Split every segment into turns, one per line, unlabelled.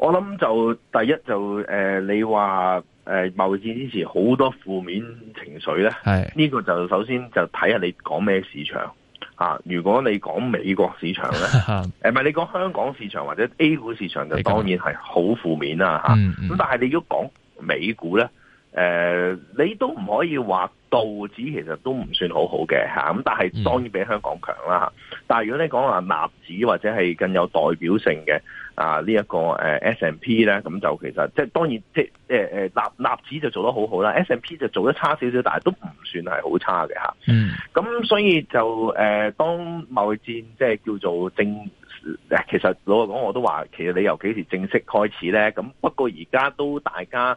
我諗就第一就誒、呃，你話誒貿易戰之前好多負面情緒咧，係呢是的 個就首先就睇下你講咩市場、啊、如果你講美國市場咧，誒唔係你講香港市場或者 A 股市場就當然係好負面啦、啊、吓。咁、啊、但係你要講美股咧。誒、呃，你都唔可以話道指其實都唔算好好嘅吓，咁但係當然比香港強啦。嗯、但係如果你講話納指或者係更有代表性嘅啊、這個呃 S P、呢一個誒 S n P 咧，咁就其實即係當然即即即納納指就做得好好啦，S n P 就做得差少少，但係都唔算係好差嘅吓。嗯，咁所以就誒、呃、當貿易戰即係叫做正。誒、呃，其實老實講我都話，其實你由幾時正式開始咧，咁不過而家都大家。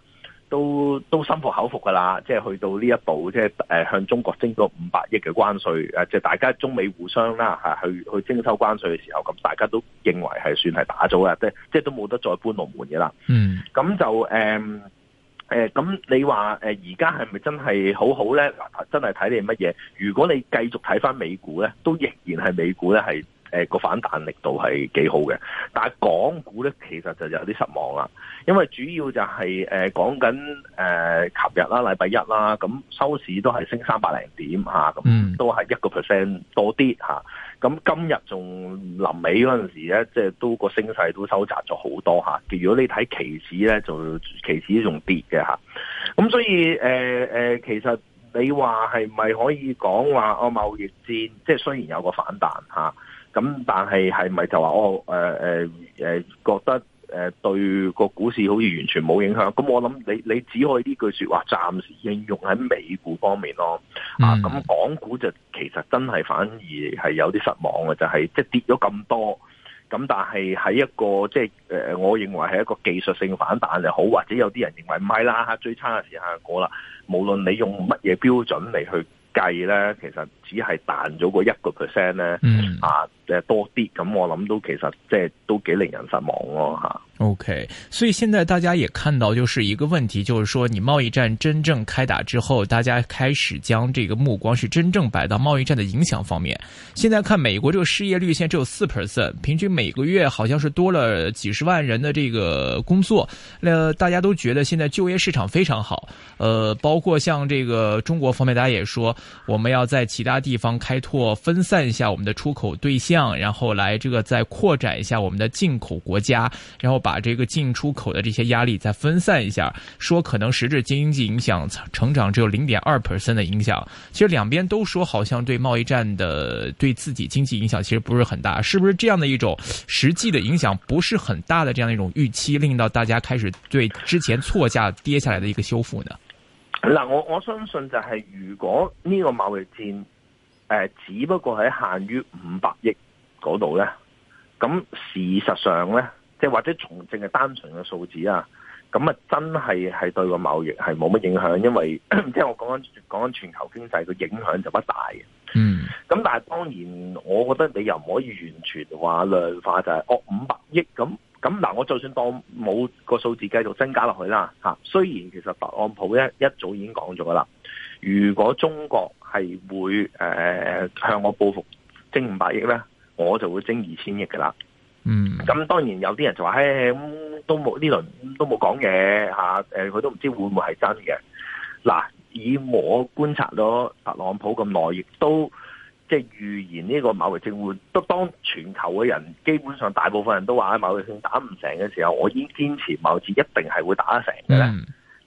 都都心服口服噶啦，即係去到呢一步，即係誒向中國徵咗五百億嘅關稅，誒即係大家中美互相啦吓，去去徵收關稅嘅時候，咁大家都認為係算係打咗啦，即即係都冇得再搬龍門噶啦、嗯。嗯，咁就誒誒，咁你話誒而家係咪真係好好咧？嗱，真係睇你係乜嘢。如果你繼續睇翻美股咧，都仍然係美股咧係。誒個反彈力度係幾好嘅，但係港股咧其實就有啲失望啦，因為主要就係誒講緊誒琴日啦、禮拜一啦，咁收市都係升三百零點嚇，咁都係一個 percent 多啲嚇。咁今日仲臨尾嗰陣時咧，即係都個升勢都收窄咗好多嚇。如果你睇期指咧，就期指仲跌嘅嚇。咁所以誒、呃、其實你話係咪可以講話我貿易戰，即係雖然有個反彈嚇。咁但係係咪就話我誒誒覺得誒對個股市好似完全冇影響？咁我諗你你只可以呢句說話暫時應用喺美股方面咯。嗯、啊，咁港股就其實真係反而係有啲失望嘅，就係即係跌咗咁多。咁但係喺一個即係、就係呃、我認為係一個技術性反彈又好，或者有啲人認為唔係啦，最差嘅時候就過啦。無論你用乜嘢標準嚟去計咧，其實。只係彈咗個一個 percent 呢，嗯，啊，誒多啲咁，我諗都其實即係都幾令人失望咯、啊、吓。
OK，所以現在大家也看到就是一個問題，就是說你貿易戰真正開打之後，大家開始將這個目光是真正擺到貿易戰的影響方面。現在看美國這個失業率，現在只有四 percent，平均每個月好像是多了幾十萬人的這個工作，那、呃、大家都覺得現在就業市場非常好。呃，包括像這個中國方面，大家也說我們要在其他。其他地方開拓，分散一下我們的出口對象，然後來這個再擴展一下我們的進口國家，然後把這個進出口的這些壓力再分散一下。說可能實質經濟影響成長只有零點二百分的影響。其實兩邊都說，好像對貿易戰的對自己經濟影響其實不是很大，是不是這樣的一種實際的影響不是很大的這樣的一種預期，令到大家開始對之前錯價跌下來的一個修復呢？
那我我相信，就是如果呢個貿易戰。誒，只不過係限於五百億嗰度咧，咁事實上咧，即係或者從淨係單純嘅數字啊，咁啊真係係對個貿易係冇乜影響，因為即係 我講緊講緊全球經濟個影響就不大嘅。嗯，咁但係當然，我覺得你又唔可以完全話量化就係、是、哦五百億咁咁嗱，那那我就算當冇個數字繼續增加落去啦吓。雖然其實特朗普一一早已經講咗啦。如果中國係會誒、呃、向我報復徵五百億咧，我就會徵二千億㗎喇。嗯，咁當然有啲人就話，嘿，咁都冇呢輪都冇講嘢吓。佢、啊呃、都唔知會唔會係真嘅。嗱，以我觀察咗特朗普咁耐，亦都即係、就是、預言呢個貿易戰，都當全球嘅人基本上大部分人都話，喺貿易戰打唔成嘅時候，我已經堅持貿易戰一定係會打得成嘅咧。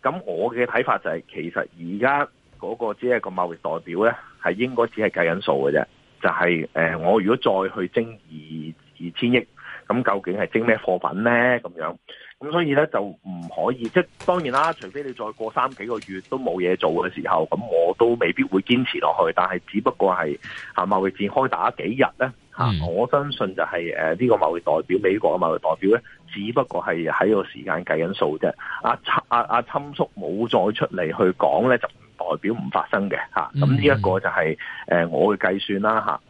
咁、嗯、我嘅睇法就係、是，其實而家。嗰個只係個貿易代表咧，係應該只係計緊數嘅啫。就係、是、誒、呃，我如果再去徵二二千億，咁究竟係徵咩貨品咧？咁樣咁，所以咧就唔可以。即係當然啦，除非你再過三幾個月都冇嘢做嘅時候，咁我都未必會堅持落去。但係，只不過係貿易戰開打幾日咧，嚇！Mm. 我相信就係誒呢個貿易代表，美國嘅貿易代表咧，只不過係喺個時間計緊數啫。阿阿阿侵叔冇再出嚟去講咧，就。代表唔發生嘅，咁呢一個就係、是嗯嗯呃、我嘅計算啦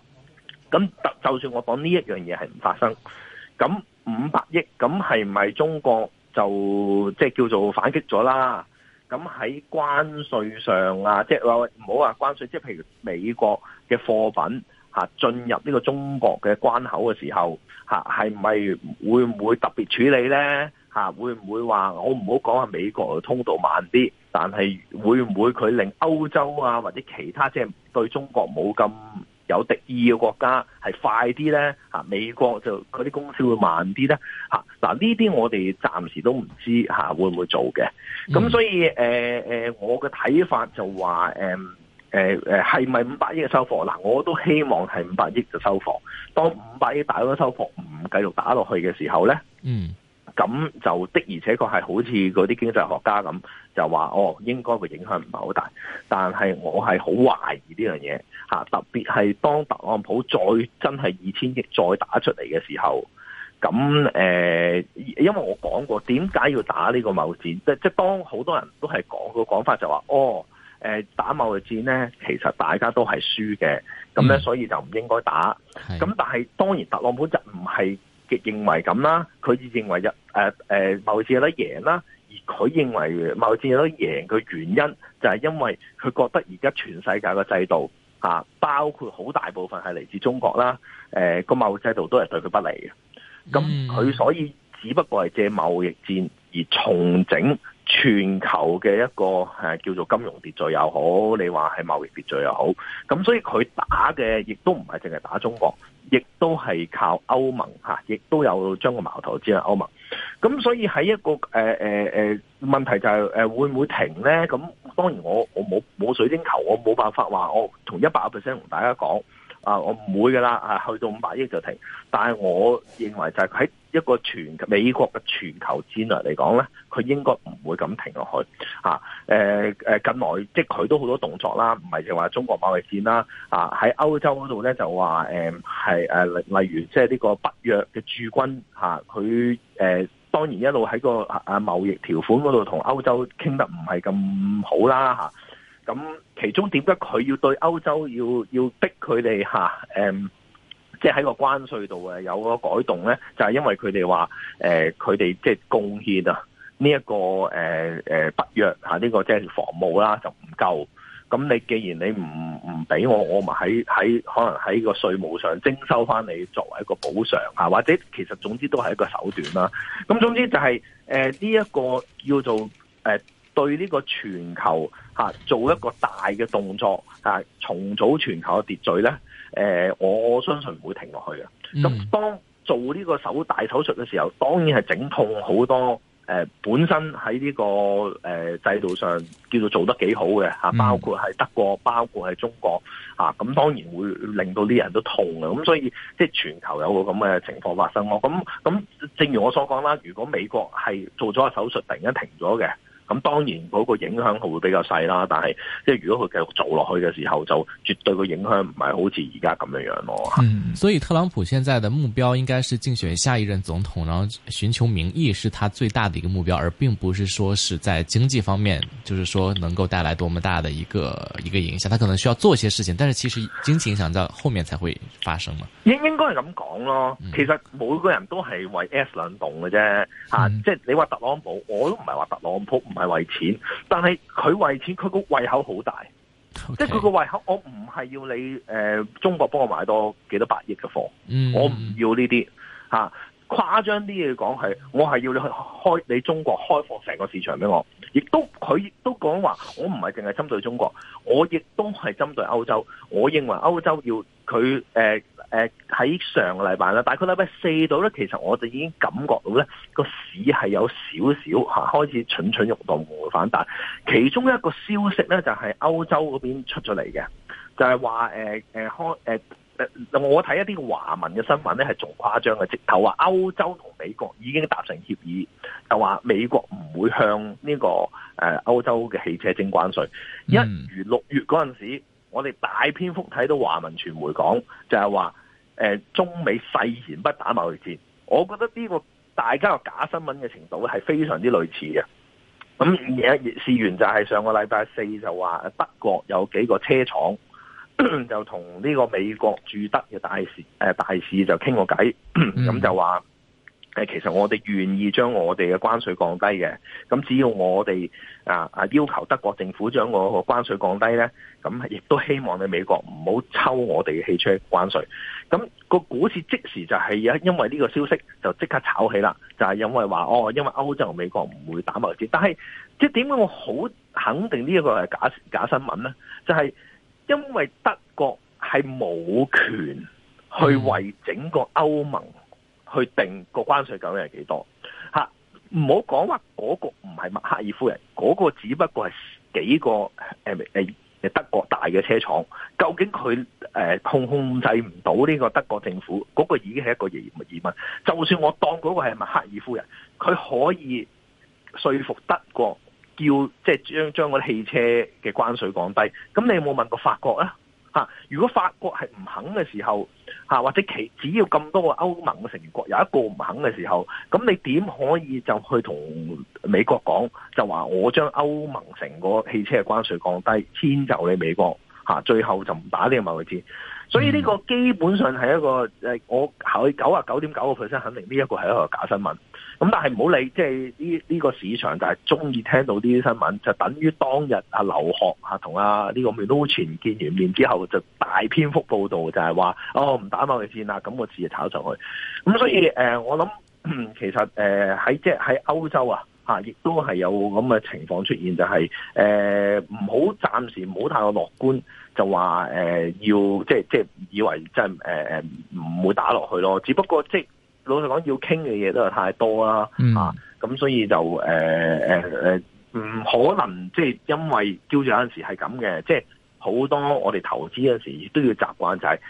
咁、啊、就算我講呢一樣嘢係唔發生，咁五百億咁係唔係中國就即係、就是、叫做反擊咗啦？咁喺關稅上啊，即係話唔好話關稅，即係譬如美國嘅貨品、啊、進入呢個中國嘅關口嘅時候嚇、係、啊、咪會唔會特別處理咧嚇、啊？會唔會話我唔好講係美國嘅通道慢啲？但係會唔會佢令歐洲啊或者其他即係、就是、對中國冇咁有敵意嘅國家係快啲咧？啊，美國就嗰啲公司會慢啲咧？吓，嗱呢啲我哋暫時都唔知吓會唔會做嘅。咁、嗯、所以誒誒、呃，我嘅睇法就話誒誒誒，係咪五百億嘅收貨？嗱，我都希望係五百億就收貨。當五百億大咗收貨唔繼續打落去嘅時候咧，嗯。咁就的，而且確係好似嗰啲經濟學家咁，就話哦，應該個影響唔係好大，但係我係好懷疑呢樣嘢吓，特別係當特朗普再真係二千億再打出嚟嘅時候，咁、誒、呃、因為我講過，點解要打呢個貿戰？即即當好多人都係講個講法就，就話哦，誒、呃、打貿易戰咧，其實大家都係輸嘅，咁咧、嗯，所以就唔應該打。咁的但係當然特朗普就唔係。認為咁啦，佢認為日誒誒貿易戰有得贏啦，而佢認為貿易戰有得贏嘅原因，就係因為佢覺得而家全世界嘅制度嚇，包括好大部分係嚟自中國啦，誒個貿易制度都係對佢不利嘅。咁佢、嗯、所以只不過係借貿易戰而重整全球嘅一個誒叫做金融秩序又好，你話係貿易秩序又好。咁所以佢打嘅亦都唔係淨係打中國。亦都係靠歐盟吓、亦都有將個矛頭指向歐盟。咁所以喺一個誒、呃呃、問題就係，是呃、會唔會停咧？咁當然我我冇冇水晶球，我冇辦法話我從一百個 percent 同大家講。啊！我唔會噶啦，啊去到五百億就停。但係我認為就係喺一個全美國嘅全球戰略嚟講咧，佢應該唔會咁停落去。近來即佢都好多動作啦，唔係就話中國貿易戰啦。喺歐洲嗰度咧就話係例例如即係呢個北約嘅駐軍，佢當然一路喺個啊貿易條款嗰度同歐洲傾得唔係咁好啦。咁其中點解佢要對歐洲要要逼佢哋嚇即係喺個關稅度有個改動咧？就係、是、因為佢哋話誒，佢哋即係貢獻啊呢一、這個誒誒北約呢、啊這個即係防務啦，就唔夠。咁你既然你唔唔俾我，我咪喺喺可能喺個稅務上徵收翻你作為一個補償、啊、或者其實總之都係一個手段啦。咁總之就係誒呢一個叫做誒。呃對呢個全球、啊、做一個大嘅動作、啊、重組全球嘅秩序咧、呃，我相信唔會停落去嘅。咁、嗯、當做呢個手大手術嘅時候，當然係整痛好多、呃、本身喺呢、這個、呃、制度上叫做做得幾好嘅、啊、包括係德國，包括係中國咁、啊嗯、當然會令到啲人都痛嘅。咁、啊、所以即係全球有個咁嘅情況發生咯。咁咁正如我所講啦，如果美國係做咗個手術突然間停咗嘅。咁當然嗰個影響會比較細啦，但係即係如果佢繼續做落去嘅時候，就絕對個影響唔係好似而家咁樣樣咯。嗯，
所以特朗普現在嘅目標應該是競選下一任總統，然後尋求民意是佢最大的一個目標，而並不是說是在經濟方面，就是說能夠帶來多麼大的一個一個影響。他可能需要做些事情，但是其實經濟影響到後面才會發生嘛。
應應該係咁講咯，其實每個人都係為 S 兩棟嘅啫，吓，即係你話特朗普，我都唔係話特朗普。唔係為錢，但係佢為錢，佢個胃口好大，Okay. 即係佢個胃口。我唔係要你誒、呃，中國幫我買多幾多百億嘅貨，我唔要呢啲吓誇張啲嘢講，係我係要你去開你中國開放成個市場俾我，亦都佢亦都講話，說說我唔係淨係針對中國，我亦都係針對歐洲。我認為歐洲要佢誒。呃誒喺、呃、上禮拜啦，大概禮拜四度呢，其實我就已經感覺到呢個市係有少少開始蠢蠢欲動嘅反彈。但其中一個消息呢，就係、是呃呃呃、歐洲嗰邊出咗嚟嘅，就係話誒誒我睇一啲華文嘅新聞呢，係仲誇張嘅，直頭話歐洲同美國已經達成協議，就話美國唔會向呢、這個誒、呃、歐洲嘅汽車徵關稅，一如六月嗰陣時。我哋大篇幅睇到華文傳媒講，就係話誒中美誓言不打貿易戰，我覺得呢個大家個假新聞嘅程度咧係非常之類似嘅。咁而家事源就係上個禮拜四就話德國有幾個車廠 就同呢個美國駐德嘅大事誒、呃、大使就傾過偈，咁 就話。誒，其實我哋願意將我哋嘅關稅降低嘅，咁只要我哋啊啊要求德國政府將我個關稅降低呢，咁亦都希望你美國唔好抽我哋嘅汽車關稅。咁，個股市即時就係因為呢個消息就即刻炒起啦，就係因為話哦，因為歐洲美國唔會打貿易戰。但係即係點解我好肯定呢一個係假假新聞呢？就係因為德國係冇權去為整個歐盟，去定個關稅究竟係幾多？嚇，唔好講話嗰個唔係默克爾夫人，嗰、嗰個只不過係幾個德國大嘅車廠。究竟佢誒控控制唔到呢個德國政府？嗰、嗰個已經係一個疑問。就算我當嗰個係默克爾夫人，佢可以說服德國叫，叫即係將將啲汽車嘅關稅降低。咁你有冇問過法國啊？如果法國係唔肯嘅時候，嚇，或者其只要咁多個歐盟嘅成員國有一個唔肯嘅時候，咁你點可以就去同美國講，就話我將歐盟成個汽車嘅關稅降低，遷就你美國，嚇，最後就唔打呢個貿易戰。所以呢個基本上係一個誒，我考九啊九點九個 percent，肯定呢一個係一個假新聞。咁但係唔好理，即係呢、呢個市場就係鍾意聽到啲新聞，就等於當日劉鶴同啊呢、啊、個 m e 梅努欽見完面之後，就大篇幅報導就係話、哦、我唔打貿易戰啦，咁我自己就炒上去。
咁所以、
呃、我諗其實喺、呃、即係喺歐洲啊亦都係有咁嘅情況出現，就係唔好暫時唔好太過樂觀，就話、呃、要即係以為真係唔會打落去囉，只不過即係。老實講，要傾嘅嘢都係太多啦，咁、嗯啊、所以就誒誒誒，唔、呃呃、可能即係因為叫做有陣時係咁嘅，即係好多我哋投資嗰陣時都要習慣就係、是，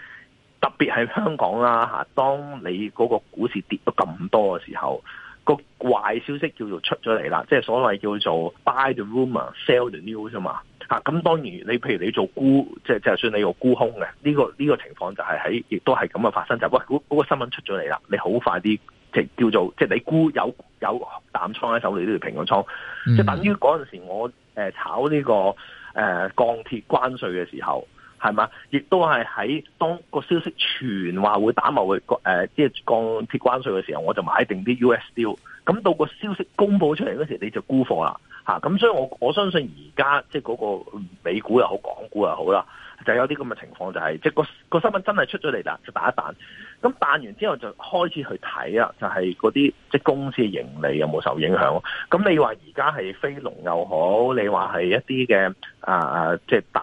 特別係香港啦，吓、啊，當你嗰個股市跌到咁多嘅時候。個壞消息叫做出咗嚟啦，即係所謂叫做 buy the rumor, sell the news 嘛。咁、啊、當然你譬如你做沽，即係就算你有、個沽空嘅呢個呢個情況就係喺亦都係咁嘅發生，就喂嗰、嗰個新聞出咗嚟啦，你好快啲即係叫做即係你沽有有淡倉喺手，你都要平個倉，即係、嗯、等於嗰陣時我誒炒呢、個誒、呃、鋼鐵關稅嘅時候。係嘛，亦都係喺當個消息傳話會打埋個誒，即係降鐵關稅嘅時候，我就買定啲 USD。咁到個消息公布出嚟嗰時候，你就沽貨啦。吓、啊，咁所以我我相信而家即係嗰個美股又好，港股又好啦。就有啲咁嘅情況，就係即個個新聞真係出咗嚟啦，就彈一彈。咁彈完之後就開始去睇呀，就係嗰啲即公司嘅盈利有冇受影響？咁你話而家係非農又好，你話係一啲嘅啊啊，即、即係、大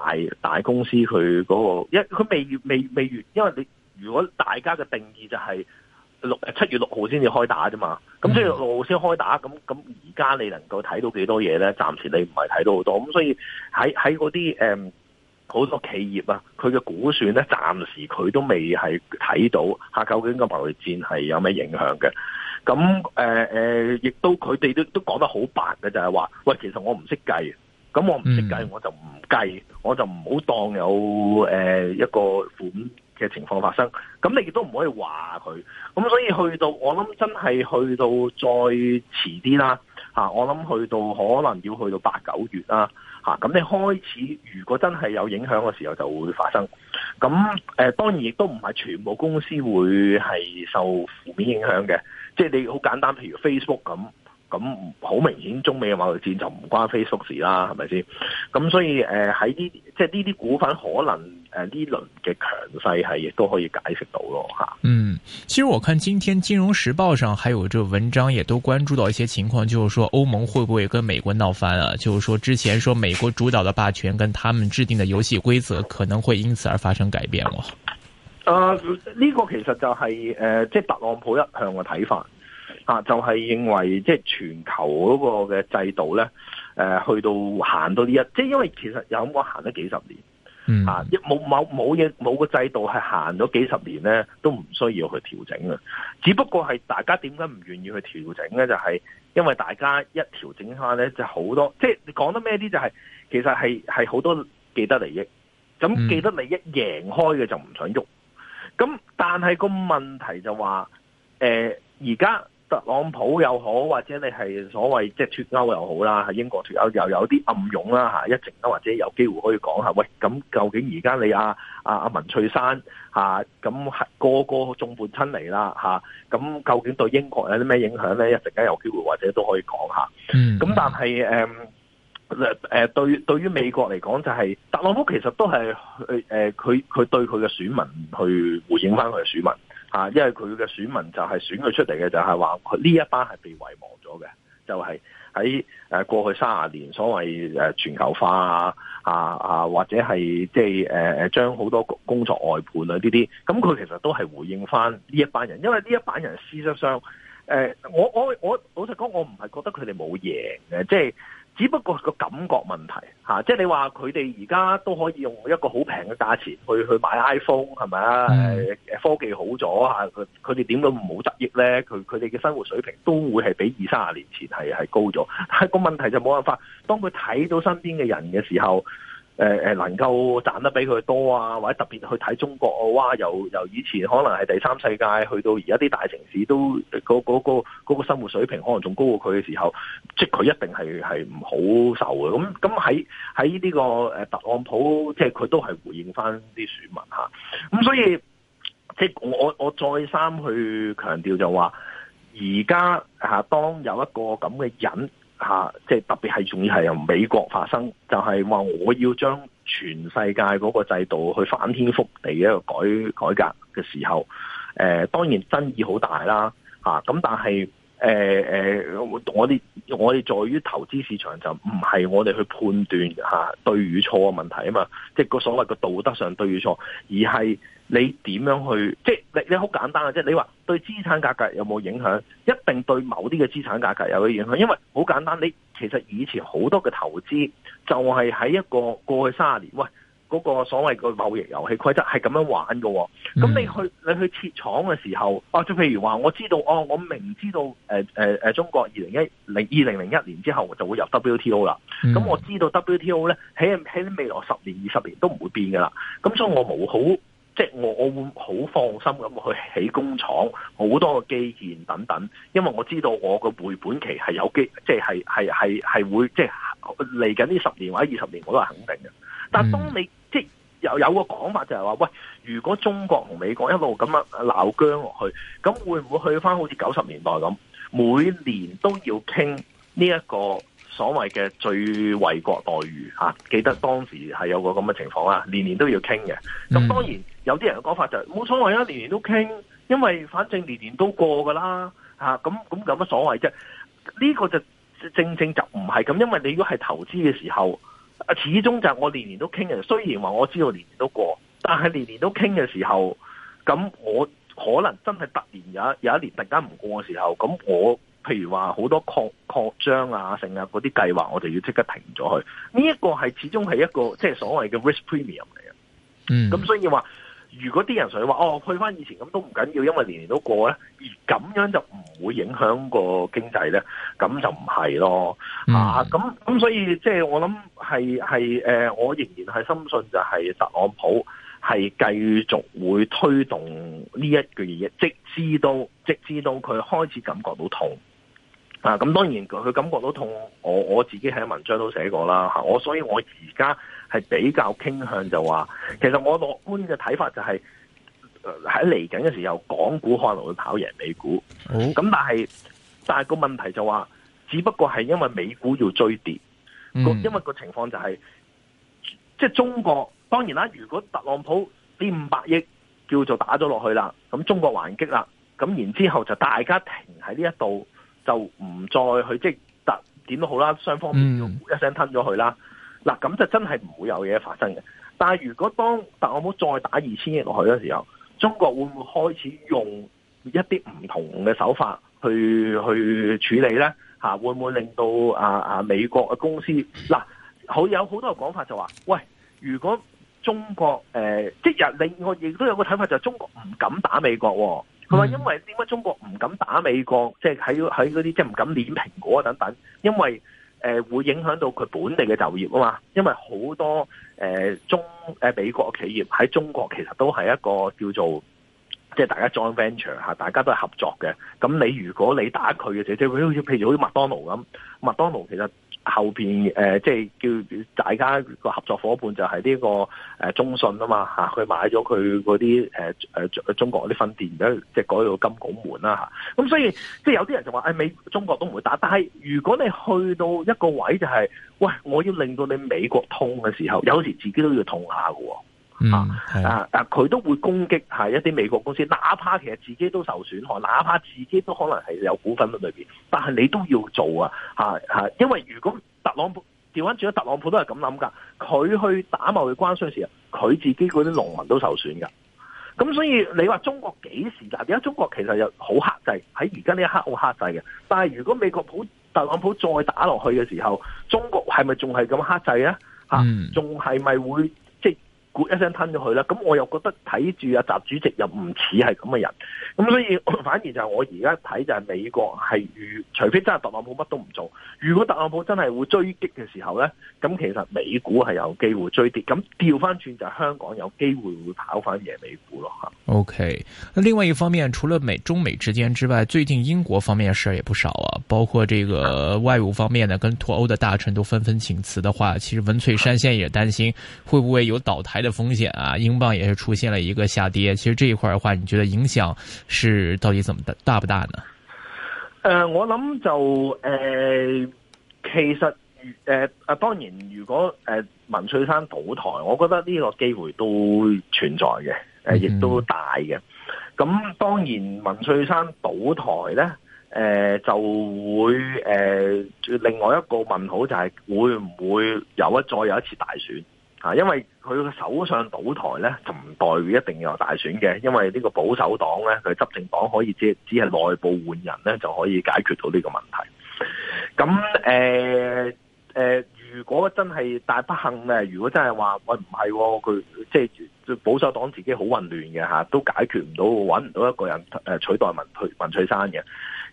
大公司佢嗰、嗰個一佢未未未完，因為你如果大家嘅定義就係六七月六號先至開打啫嘛。咁七月六號先開打，咁咁而家你能夠睇到幾多嘢咧？暫時你唔係睇到好多。咁所以喺喺嗰啲好多企業啊，佢嘅估算咧，暫時佢都未係睇到嚇，究竟個爆雷戰係有咩影響嘅？咁誒誒，亦、呃、都佢哋都都講得好白嘅，就係、是、話，喂，其實我唔識計，咁我唔識計，我就唔計，我就唔好當有誒、呃、一個款嘅情況發生。咁你亦都唔可以話佢。咁所以去到，我諗真係去到再遲啲啦、啊、我諗去到可能要去到八九月啦。吓、咁、你開始，如果真係有影響嘅時候就會發生。咁、呃、當然亦都唔係全部公司會係受負面影響嘅，即係你好簡單，譬如 Facebook 咁。咁好明顯，中美嘅貿易戰就唔關 Facebook 事啦，係咪先？咁所以誒喺呢即係呢啲股份可能誒呢輪嘅強勢係亦都可以解釋到咯吓。
嗯，其實我看今天《金融時報》上還有就文章，也都關注到一些情況，就是說歐盟會不會跟美國鬧翻啊？就是說之前說美國主導的霸權跟他們制定的遊戲規則，可能會因此而發生改變。我、
啊，啊、這、呢個其實就係、是、誒、呃、即係特朗普一向嘅睇法。啊，就係、是、認為即係全球嗰個嘅制度咧，誒、呃、去到行到呢一，即係因為其實有冇行咗幾十年，嚇一冇冇冇嘢冇個制度係行咗幾十年咧，都唔需要去調整嘅。只不過係大家點解唔願意去調整咧？就係、是、因為大家一調整翻咧，就好多即係你講得咩啲就係、是、其實係係好多既得利益，咁既得利益贏開嘅就唔想喐。咁但係個問題就話誒而家，呃現在特朗普又好，或者你係所謂即係脫歐又好啦，喺英國脫歐又有啲暗湧啦嚇，一直都或者有機會可以講下，喂咁究竟而家你阿阿阿文翠珊嚇咁個個眾叛親離啦嚇，咁、啊、究竟對英國有啲咩影響咧？一陣間有機會或者都可以講下。啊、嗯。咁但係誒誒對對於美國嚟講就係、係、特朗普其實都係誒佢佢對佢嘅選民去回應返佢嘅選民。啊！因為佢嘅選民就係選佢出嚟嘅，就係話呢一班係被遺忘咗嘅，就係喺誒過去三十年所謂誒全球化啊啊啊，或者係即係誒誒將好多工作外判啊呢啲，咁佢其實都係回應返呢一班人，因為呢一班人事實上誒、呃、我我我老實講，我唔係覺得佢哋冇贏嘅，即係。只不過係個感覺問題嚇，即係你話佢哋而家都可以用一個好平嘅價錢去去買 iPhone 係咪啊？Mm. 科技好咗嚇，佢佢哋點都冇得益咧？佢佢哋嘅生活水平都會係比二三十年前係係高咗，但係個問題就冇辦法，當佢睇到身邊嘅人嘅時候。誒誒，能夠賺得比佢多啊，或者特別去睇中國啊，哇，由由以前可能係第三世界，去到而家啲大城市都，嗰個個嗰個個生活水平可能仲高過佢嘅時候，即係佢一定係係唔好受嘅。咁咁喺喺呢個誒，特朗普即係佢都係回應翻啲選民吓。咁所以即係我我我再三去強調就話，而家吓當有一個咁嘅人。吓、啊，即係特別係仲要係由美國發生，就係、是、話我要將全世界嗰個制度去翻天覆地嘅一個改改革嘅時候，誒、呃，當然爭議好大啦，吓、啊，咁但係誒誒，我哋我哋在於投資市場就唔係我哋去判斷吓、啊、對與錯嘅問題啊嘛，即係個所謂嘅道德上對與錯，而係。你點樣去？即係你你好簡單嘅啫。你話對資產價格有冇影響？一定對某啲嘅資產價格有啲影響。因為好簡單，你其實以前好多嘅投資就係喺一個過去三十年，喂嗰個所謂嘅貿易遊戲規則係咁樣玩嘅。咁你去你去設廠嘅時候啊，就譬如話我知道哦，我明知道誒誒誒，中國二零一零二零零一年之後就會入 WTO 啦。咁我知道 WTO 咧喺喺未來十年、二十年都唔會變噶啦。咁所以我冇好。即係我我會好放心咁去起工廠，好多個基建等等，因為我知道我個回本期係有機，即係係係係會即係嚟緊呢十年或者二十年我都係肯定嘅。但係當你即係有有個講法就係話，喂，如果中國同美國一路咁樣鬧僵落去，咁會唔會去翻好似九十年代咁，每年都要傾呢一個？所謂嘅最惠國待遇嚇、啊，記得當時係有個咁嘅情況啦，年年都要傾嘅。咁當然有啲人嘅講法就冇、是、所謂啦，年年都傾，因為反正年年都過噶啦嚇，咁、啊、咁有乜所謂啫？呢、呢個就正正就唔係咁，因為你如果係投資嘅時候，始終就係我年年都傾嘅。雖然話我知道年年都過，但係年年都傾嘅時候，咁我可能真係突然有一有一年突然間唔過嘅時候，咁我。譬如話好多擴擴張啊，成日嗰啲計劃，我哋要即刻停咗去。呢一個係始終係一個即係所謂嘅 risk premium 嚟嘅。嗯，咁所以話，如果啲人想話哦，去翻以前咁都唔緊要，因為年年都過咧，而咁樣就唔會影響個經濟咧，咁就唔係咯。嗯、啊，咁咁所以即係我諗係係誒，我仍然係深信就係、是、特朗普係繼續會推動呢一句嘢，直至到直至到佢開始感覺到痛。啊，咁當然佢感覺到痛，我我自己喺文章都寫過啦吓，我所以我而家係比較傾向就話，其實我樂觀嘅睇法就係喺嚟緊嘅時候，港股可能會跑贏美股。咁好但係但係個問題就話，只不過係因為美股要追跌，嗯、因為個情況就係即係中國當然啦，如果特朗普呢五百億叫做打咗落去啦，咁中國還擊啦，咁然之後就大家停喺呢一度。就唔再去即係點都好啦，雙方要一聲吞咗佢啦。嗱、嗯，咁就真係唔會有嘢發生嘅。但係如果當特朗普再打二千億落去嘅時候，中國會唔會開始用一啲唔同嘅手法去去處理咧？吓、啊、會唔會令到啊啊美國嘅公司嗱好、啊、有好多嘅講法就話，喂，如果中國誒、呃、即係另外亦都有個睇法，就係中國唔敢打美國、哦。佢話： 因為點解中國唔敢打美國？即係喺，喺嗰啲即係唔敢捏蘋果啊等等，因為誒、呃、會影響到佢本地嘅就業啊嘛。因為好多誒、呃、中誒、呃、美國企業喺中國其實都係一個叫做即係、就是、大家 join venture 嚇、啊，大家都係合作嘅。咁你如果你打佢嘅，就即係好似譬如好似麥當勞咁，麥當勞其實。後邊誒，即、呃、係、就是、叫大家個合作夥伴就係呢、這個誒、呃、中信嘛啊嘛吓，佢買咗佢嗰啲誒誒中中國啲分店咧，即係改到金拱門啦吓。咁、啊、所以即係、就是、有啲人就話誒，美、哎、中國都唔會打。但係如果你去到一個位就係、是，喂，我要令到你美國痛嘅時候，有時自己都要痛下嘅、哦。嗯、啊，啊，啊！佢都會攻擊係一啲美國公司，哪怕其實自己都受損害，哪怕自己都可能係有股份喺裏邊，但係你都要做啊！吓吓，因為如果特朗普調翻轉，特朗普都係咁諗噶，佢去打貿易關稅時，佢自己嗰啲農民都受損噶。咁所以你話中國幾時？嗱，而家中國其實又好克制，喺而家呢一刻好克制嘅。但係如果美國普特朗普再打落去嘅時候，中國係咪仲係咁克制咧？吓、嗯，仲係咪會？股一聲吞咗佢啦，咁我又覺得睇住阿習主席又唔似係咁嘅人，咁所以反而就係我而家睇就係美國係如，除非真係特朗普乜都唔做，如果特朗普真係會追擊嘅時候咧，咁其實美股係有機會追跌，咁調翻轉就係香港有機會跑翻贏美股咯，嚇。
OK，另外一方面，除了美中美之間之外，最近英國方面嘅事也不少啊，包括這個外務方面嘅跟脱歐嘅大臣都紛紛請辭的話，其實文翠珊先也擔心會不會有倒台嘅風險啊，英鎊也是出現了一個下跌。其實這一塊的話，你覺得影響是到底怎麼大大不大呢？誒、
呃，我諗就誒、呃，其實誒啊、呃，當然如果誒文翠珊倒台，我覺得呢個機會都存在嘅，誒、呃、亦都大嘅。咁、mm hmm. 當然文翠珊倒台呢，誒、呃、就會誒、呃、另外一個問號就係會唔會有一再有一次大選？因為佢個首相倒台咧，就唔代表一定要有大選嘅，因為呢個保守黨咧，佢執政黨可以只只係內部換人咧，就可以解決到呢個問題。咁誒、呃呃、如果真係大不幸呢，如果真係話，喂唔係佢，即、哦就係、保守黨自己好混亂嘅都解決唔到，揾唔到一個人取代文文翠珊嘅，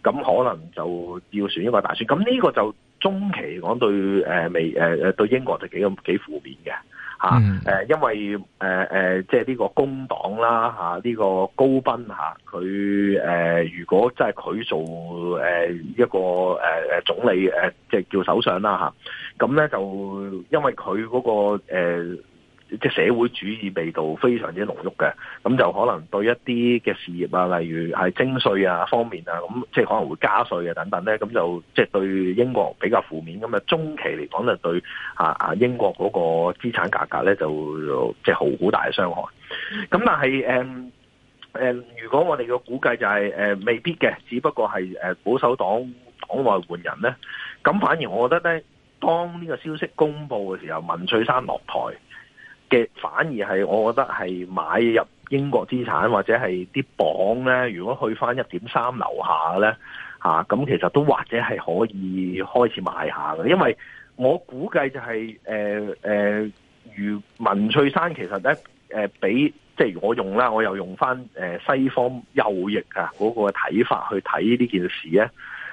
咁可能就要選一個大選。咁呢個就中期講對未、呃呃、對英國就幾咁幾負面嘅。吓，嗯、因為誒誒、呃呃，即係呢個工黨啦，吓、啊，呢、這個高斌，吓、啊，佢誒、呃，如果即係佢做誒、呃、一個誒誒、呃、總理誒、呃，即係叫首相啦，吓、啊，咁咧就因為佢嗰、那個、呃即係社會主義味道非常之濃郁嘅，咁就可能對一啲嘅事業啊，例如係徵稅啊方面啊，咁即係可能會加稅啊等等咧，咁就即係對英國比較負面咁啊。中期嚟講就對啊啊英國嗰個資產價格咧，就即係好大嘅傷害。咁但係、嗯嗯、如果我哋嘅估計就係、是嗯、未必嘅，只不過係保守黨黨內換人咧，咁反而我覺得咧，當呢個消息公布嘅時候，文翠珊落台。嘅反而係，我覺得係買入英國資產或者係啲榜咧。如果去翻一點三樓下咧，咁、啊、其實都或者係可以開始買下嘅，因為我估計就係、是呃呃、如文翠珊其實咧誒、畀，即係我用啦，我又用翻西方右翼啊嗰個睇法去睇呢件事咧，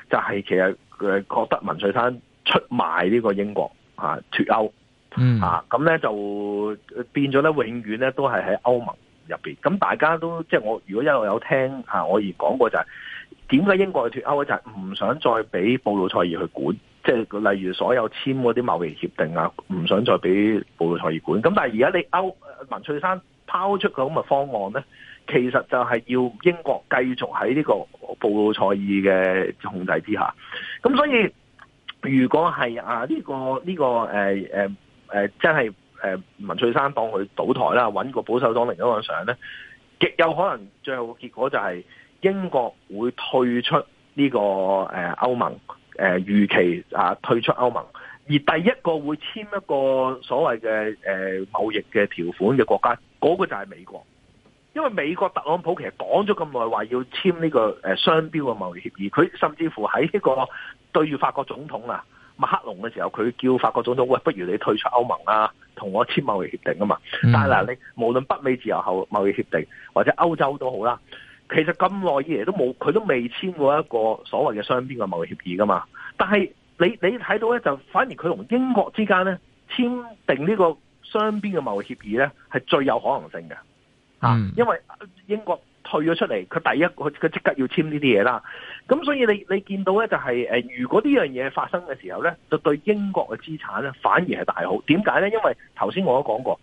就係、是、其實覺得文翠珊出賣呢個英國嚇脱、啊、歐。嗯咁咧、啊、就變咗咧，永遠咧都係喺歐盟入邊。咁大家都即係我，如果一路有聽、啊、我而講過就係、是，點解英國去脱歐咧？就係、是、唔想再俾布魯塞爾去管，即、就、係、是、例如所有簽嗰啲貿易協定啊，唔想再俾布魯塞爾管。咁但係而家你歐文翠珊拋出個咁嘅方案咧，其實就係要英國繼續喺呢個布魯塞爾嘅控制之下。咁所以如果係啊呢、這個呢、這個誒誒、呃誒、呃，真係誒、呃，文翠珊當佢倒台啦，揾個保守黨另一個上咧，極有可能最後嘅結果就係英國會退出呢、這個誒歐、呃、盟，誒、呃、預期啊退出歐盟，而第一個會簽一個所謂嘅誒貿易嘅條款嘅國家，嗰、那個就係美國，因為美國特朗普其實講咗咁耐話要簽呢、這個誒、呃、商標嘅貿易協議，佢甚至乎喺呢個對住法國總統啦、啊。馬克龍嘅時候，佢叫法國總統，喂，不如你退出歐盟啊，同我簽貿易協定啊嘛。嗯、但係嗱，你無論北美自由貿貿易協定或者歐洲都好啦，其實咁耐以嚟都冇，佢都未簽過一個所謂嘅雙邊嘅貿易協議噶嘛。但係你你睇到咧，就反而佢同英國之間咧簽定呢個雙邊嘅貿易協議咧，係最有可能性嘅、嗯、因為英國。退咗出嚟，佢第一佢佢即刻要簽呢啲嘢啦。咁所以你你見到咧、就是，就係誒，如果呢樣嘢發生嘅時候咧，就對英國嘅資產咧反而係大好。點解咧？因為頭先我都講過，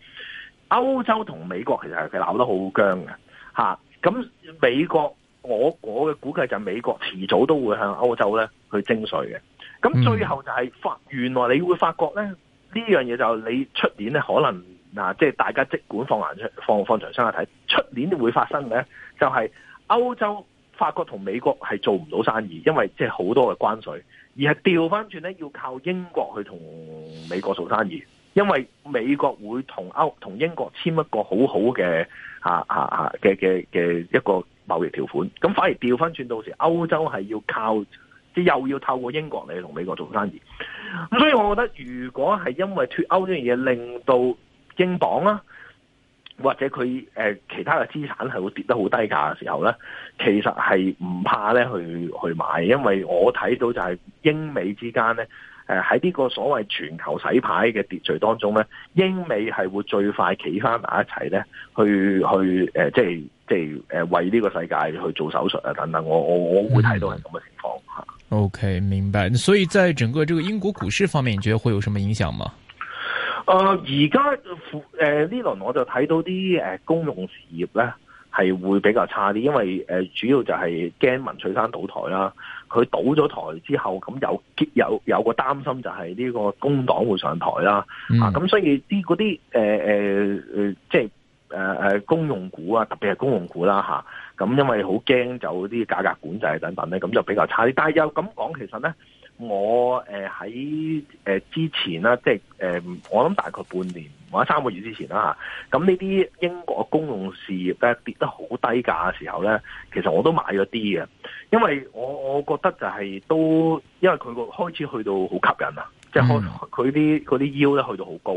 歐洲同美國其實係佢鬧得好僵嘅吓。咁、啊、美國我我嘅估計就係美國遲早都會向歐洲咧去徵稅嘅。
咁最
後就係發，原來你會發覺咧呢樣嘢就你出年咧可能。嗱，即係大家即管放眼出，放放長線去睇，出年會發生嘅咧，就係歐洲法國同美國係做唔到生意，因為即係好多嘅關稅，而係調翻轉咧，要靠英國去同美國做生意，因為美國會同歐同英國簽一個好好嘅吓吓吓嘅嘅嘅一個貿易條款，咁反而調翻轉到時歐洲係要靠即係又要透過英國嚟同美國做生意，咁所以我覺得如果係因為脫歐呢樣嘢令到英鎊啦，或者佢誒其他嘅資產係會跌得好低價嘅時候咧，其實係唔怕咧去去買，因為我睇到就係英美之間咧誒喺呢個所謂全球洗牌嘅秩序當中咧，英美係會最快企翻埋一齊咧，去去誒、呃、即係即係誒為呢個世界去做手術啊等等，我我我會睇到係咁嘅情況吓。
嗯、okay，明白。所以在整個這個英國股市方面，你覺得會有什麼影響嗎？
誒，而家誒呢輪我就睇到啲誒、呃、公用事業咧係會比較差啲，因為誒、呃、主要就係驚文翠珊倒台啦，佢倒咗台之後，咁有有有個擔心就係呢個工黨會上台啦，啊咁所以啲嗰啲誒誒誒即係誒誒公用股啊，特別係公用股啦吓，咁、啊、因為好驚有啲價格管制等等咧，咁就比較差啲。但係又咁講，其實咧。我誒喺誒之前啦，即係誒、呃、我諗大概半年或者三個月之前啦，嚇，咁呢啲英國嘅公用事業咧跌得好低價嘅時候咧，其實我都買咗啲嘅，因為我我覺得就係都因為佢個開始去到好吸引啊，即係開佢啲嗰啲 yield 咧去到好高。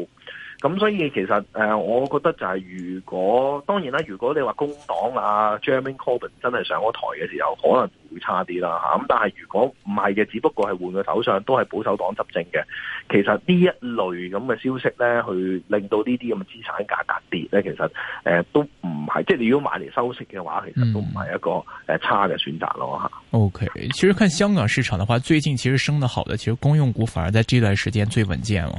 咁所以其實誒、呃，我覺得就係如果當然啦，如果你話工黨啊 Jeremy Corbyn 真係上咗台嘅時候，可能會差啲啦吓。咁但係如果唔係嘅，只不過係換個首相都係保守黨執政嘅。其實呢一類咁嘅消息咧，去令到呢啲咁嘅資產價格跌咧，其實誒、呃、都唔係，即係你如果買嚟收息嘅話，其實都唔係一個誒、嗯呃、差嘅選擇咯吓。
O、okay，其實看香港市場嘅話，最近其實升得好的，其實公用股反而在這段時間最穩健啊。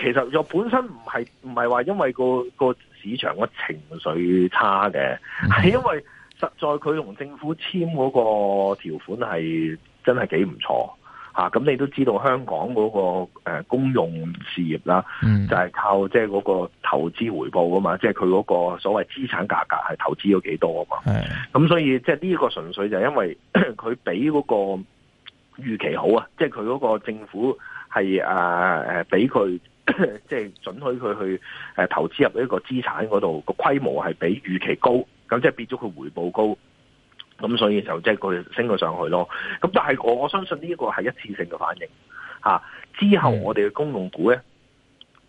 其實又本身唔係唔係話因為個個市場個情緒差嘅，係、嗯、因為實在佢同政府簽嗰個條款係真係幾唔錯吓。咁、啊、你都知道香港嗰、那個誒、呃、公用事業啦，嗯、就係靠即係、就是、個投資回報啊嘛，即係佢嗰個所謂資產價格係投資咗幾多啊嘛。咁、嗯、所以即係呢個純粹就係因為佢俾嗰個預期好啊，即係佢嗰個政府係誒誒俾佢。呃即係准許佢去誒投資入一個資產嗰度個規模係比預期高，咁即係變咗佢回報高，咁所以就即係佢升咗上去咯。咁但係我我相信呢一個係一次性嘅反應吓、啊，之後我哋嘅公用股咧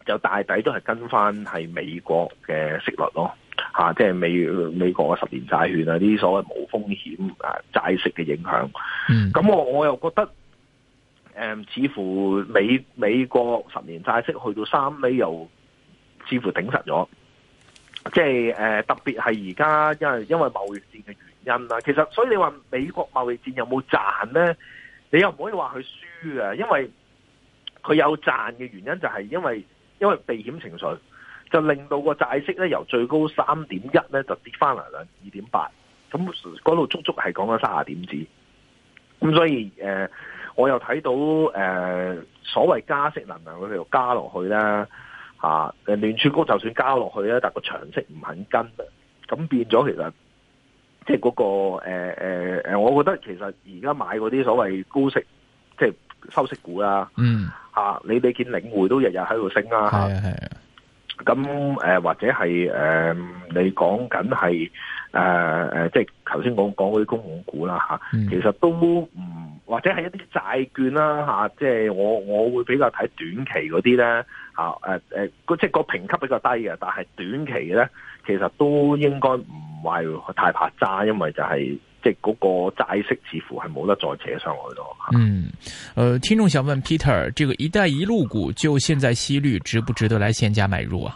就大抵都係跟翻係美國嘅息率咯吓、啊，即係美美國嘅十年債券啊啲所謂無風險啊債息嘅影響。咁、嗯、我我又覺得。誒、嗯，似乎美美國十年債息去到三厘，又似乎頂實咗。即係誒，特別係而家，因為因為貿易戰嘅原因啦、啊。其實，所以你話美國貿易戰有冇賺咧？你又唔可以話佢輸嘅，因為佢有賺嘅原因就係因為因為避險情緒，就令到個債息咧由最高三點一咧就跌翻嚟，兩二點八。咁嗰度足足係講咗三呀點子。咁所以誒。呃我又睇到誒、呃，所謂加息能量佢又加落去啦。吓、啊、誒，聯儲局就算加落去咧，但個長息唔肯跟，咁變咗其實即係嗰、那個誒誒誒，我覺得其實而家買嗰啲所謂高息，即係收息股啦，吓、嗯啊、你你見領匯都日日喺度升啦，吓，咁誒、呃、或者係誒、呃、你講緊係誒誒，即係頭先我講嗰啲公用股啦，吓、啊，嗯、其實都唔。或者係一啲債券啦嚇，即係我我會比較睇短期嗰啲咧嚇誒誒，即係個評級比較低嘅，但係短期咧其實都應該唔係太怕渣，因為就係即係嗰個債息似乎係冇得再扯上去咯。嗯，誒、
呃，聽眾想問 Peter，呢個一帶一路股就現在息率值唔值得嚟現價買入啊？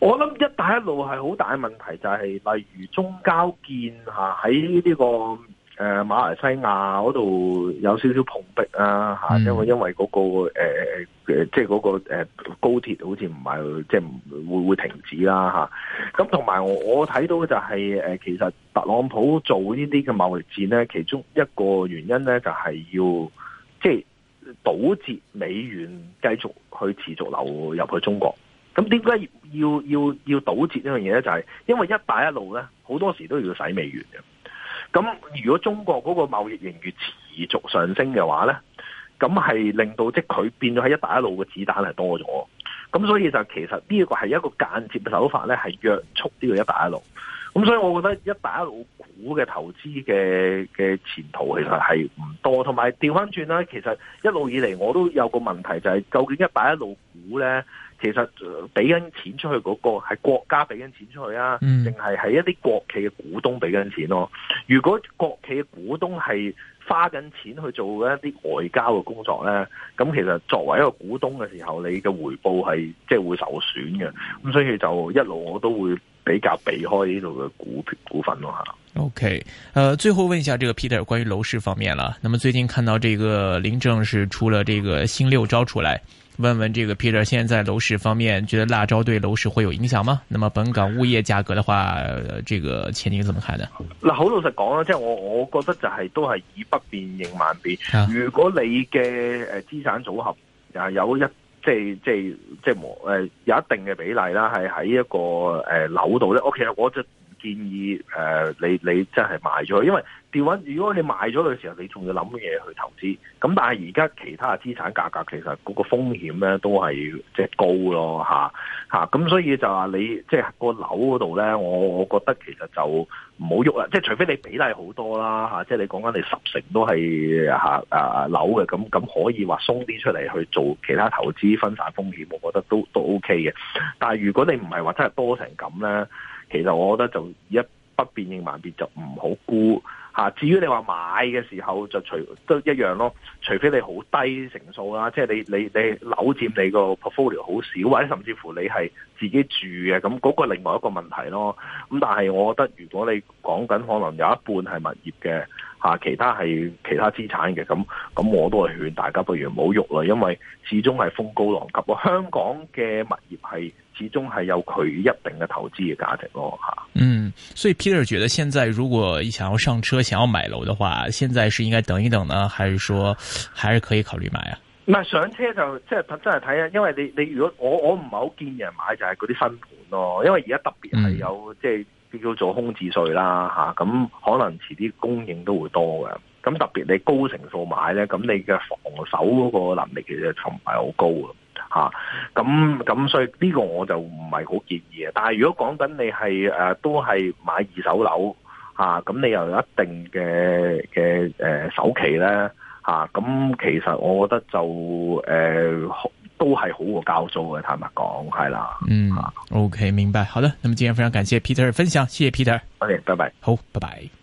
我諗一帶一路係好大嘅問題、就是，就係例如中交建嚇喺呢個。誒馬來西亞嗰度有少少碰壁啊嚇，嗯、因為因為嗰個誒誒誒，即係嗰個高鐵好似唔係即係會會停止啦、啊、嚇。咁同埋我我睇到嘅就係、是、誒，其實特朗普做呢啲嘅貿易戰咧，其中一個原因咧就係、是、要即係、就是、堵截美元繼續去持續流入去中國。咁點解要要要堵截這呢樣嘢咧？就係、是、因為一帶一路咧，好多時都要使美元嘅。咁如果中國嗰個貿易盈餘持續上升嘅話咧，咁係令到即佢變咗喺一帶一路嘅子彈係多咗，咁所以就其實呢個係一個間接嘅手法咧，係約束呢個一帶一路。咁所以我覺得一帶一路股嘅投資嘅嘅前途其實係唔多，同埋調翻轉啦，其實一路以嚟我都有個問題就係究竟一帶一路股咧？其實俾緊錢出去嗰個係國家俾緊錢出去啊，定係係一啲國企嘅股東俾緊錢咯。如果國企嘅股東係花緊錢去做一啲外交嘅工作咧，咁其實作為一個股東嘅時候，你嘅回報係即係會受損嘅。咁所以就一路我都會比較避開呢度嘅股票股份咯吓。
OK，誒、呃，最後問一下呢個 Peter 關於樓市方面啦。那麼最近看到呢個林鄭係出了呢個新六招出來。問問這個 Peter，現在樓市方面，覺得辣招對樓市會有影響嗎？那麼本港物業價格的話，的這個前景怎麼看呢？
嗱，好老實講啦，即係我我覺得就係、是、都係以不變應萬變。如果你嘅誒資產組合啊有一即係即係即係誒、呃、有一定嘅比例啦，係喺一個誒、呃、樓度咧，我其實我就。建議誒、呃、你你真係賣咗，因為掉翻。如果你賣咗嘅時候，你仲要諗嘢去投資。咁但係而家其他資產價格其實嗰個風險咧都係即係高咯，咁、啊、所以就話你即係、就是、個樓嗰度咧，我我覺得其實就唔好喐啦。即、就、係、是、除非你比例好多啦，即係你講緊你十成都係嚇啊，啊樓嘅咁咁，可以話鬆啲出嚟去做其他投資分散風險，我覺得都都 OK 嘅。但係如果你唔係話真係多成咁咧。其實我覺得就一不變應萬變就唔好沽吓。至於你話買嘅時候就除都一樣咯，除非你好低成數啦，即係你你你樓佔你個 portfolio 好少，或者甚至乎你係自己住嘅咁嗰個另外一個問題咯。咁但係我覺得如果你講緊可能有一半係物業嘅。嚇，其他係其他資產嘅咁，咁我都係勸大家不如唔好喐啦，因為始終係風高浪急喎。香港嘅物業係始終係有佢一定嘅投資嘅價值咯，嗯，
所以 Peter 覺得，現在如果你想要上車、想要買樓嘅話，現在是應該等一等呢，還是說，還是可以考慮買啊？
唔係上車就即係真係睇啊，因為你你如果我我唔係好建議人買就係嗰啲新盤咯，因為而家特別係有即係。嗯叫做空置稅啦，嚇、啊、咁可能遲啲供應都會多嘅，咁特別你高成數買咧，咁你嘅防守嗰個能力其實就唔係好高嘅，咁、啊、咁所以呢個我就唔係好建議嘅。但係如果講緊你係誒、啊、都係買二手樓嚇，咁、啊、你又有一定嘅嘅誒首期咧嚇，咁、啊、其實我覺得就誒。呃都係好過交租嘅，坦白講係啦。
嗯，OK，明白。好的，那麼今天非常感謝 Peter 嘅分享，謝謝 Peter。OK，拜拜。好，拜拜。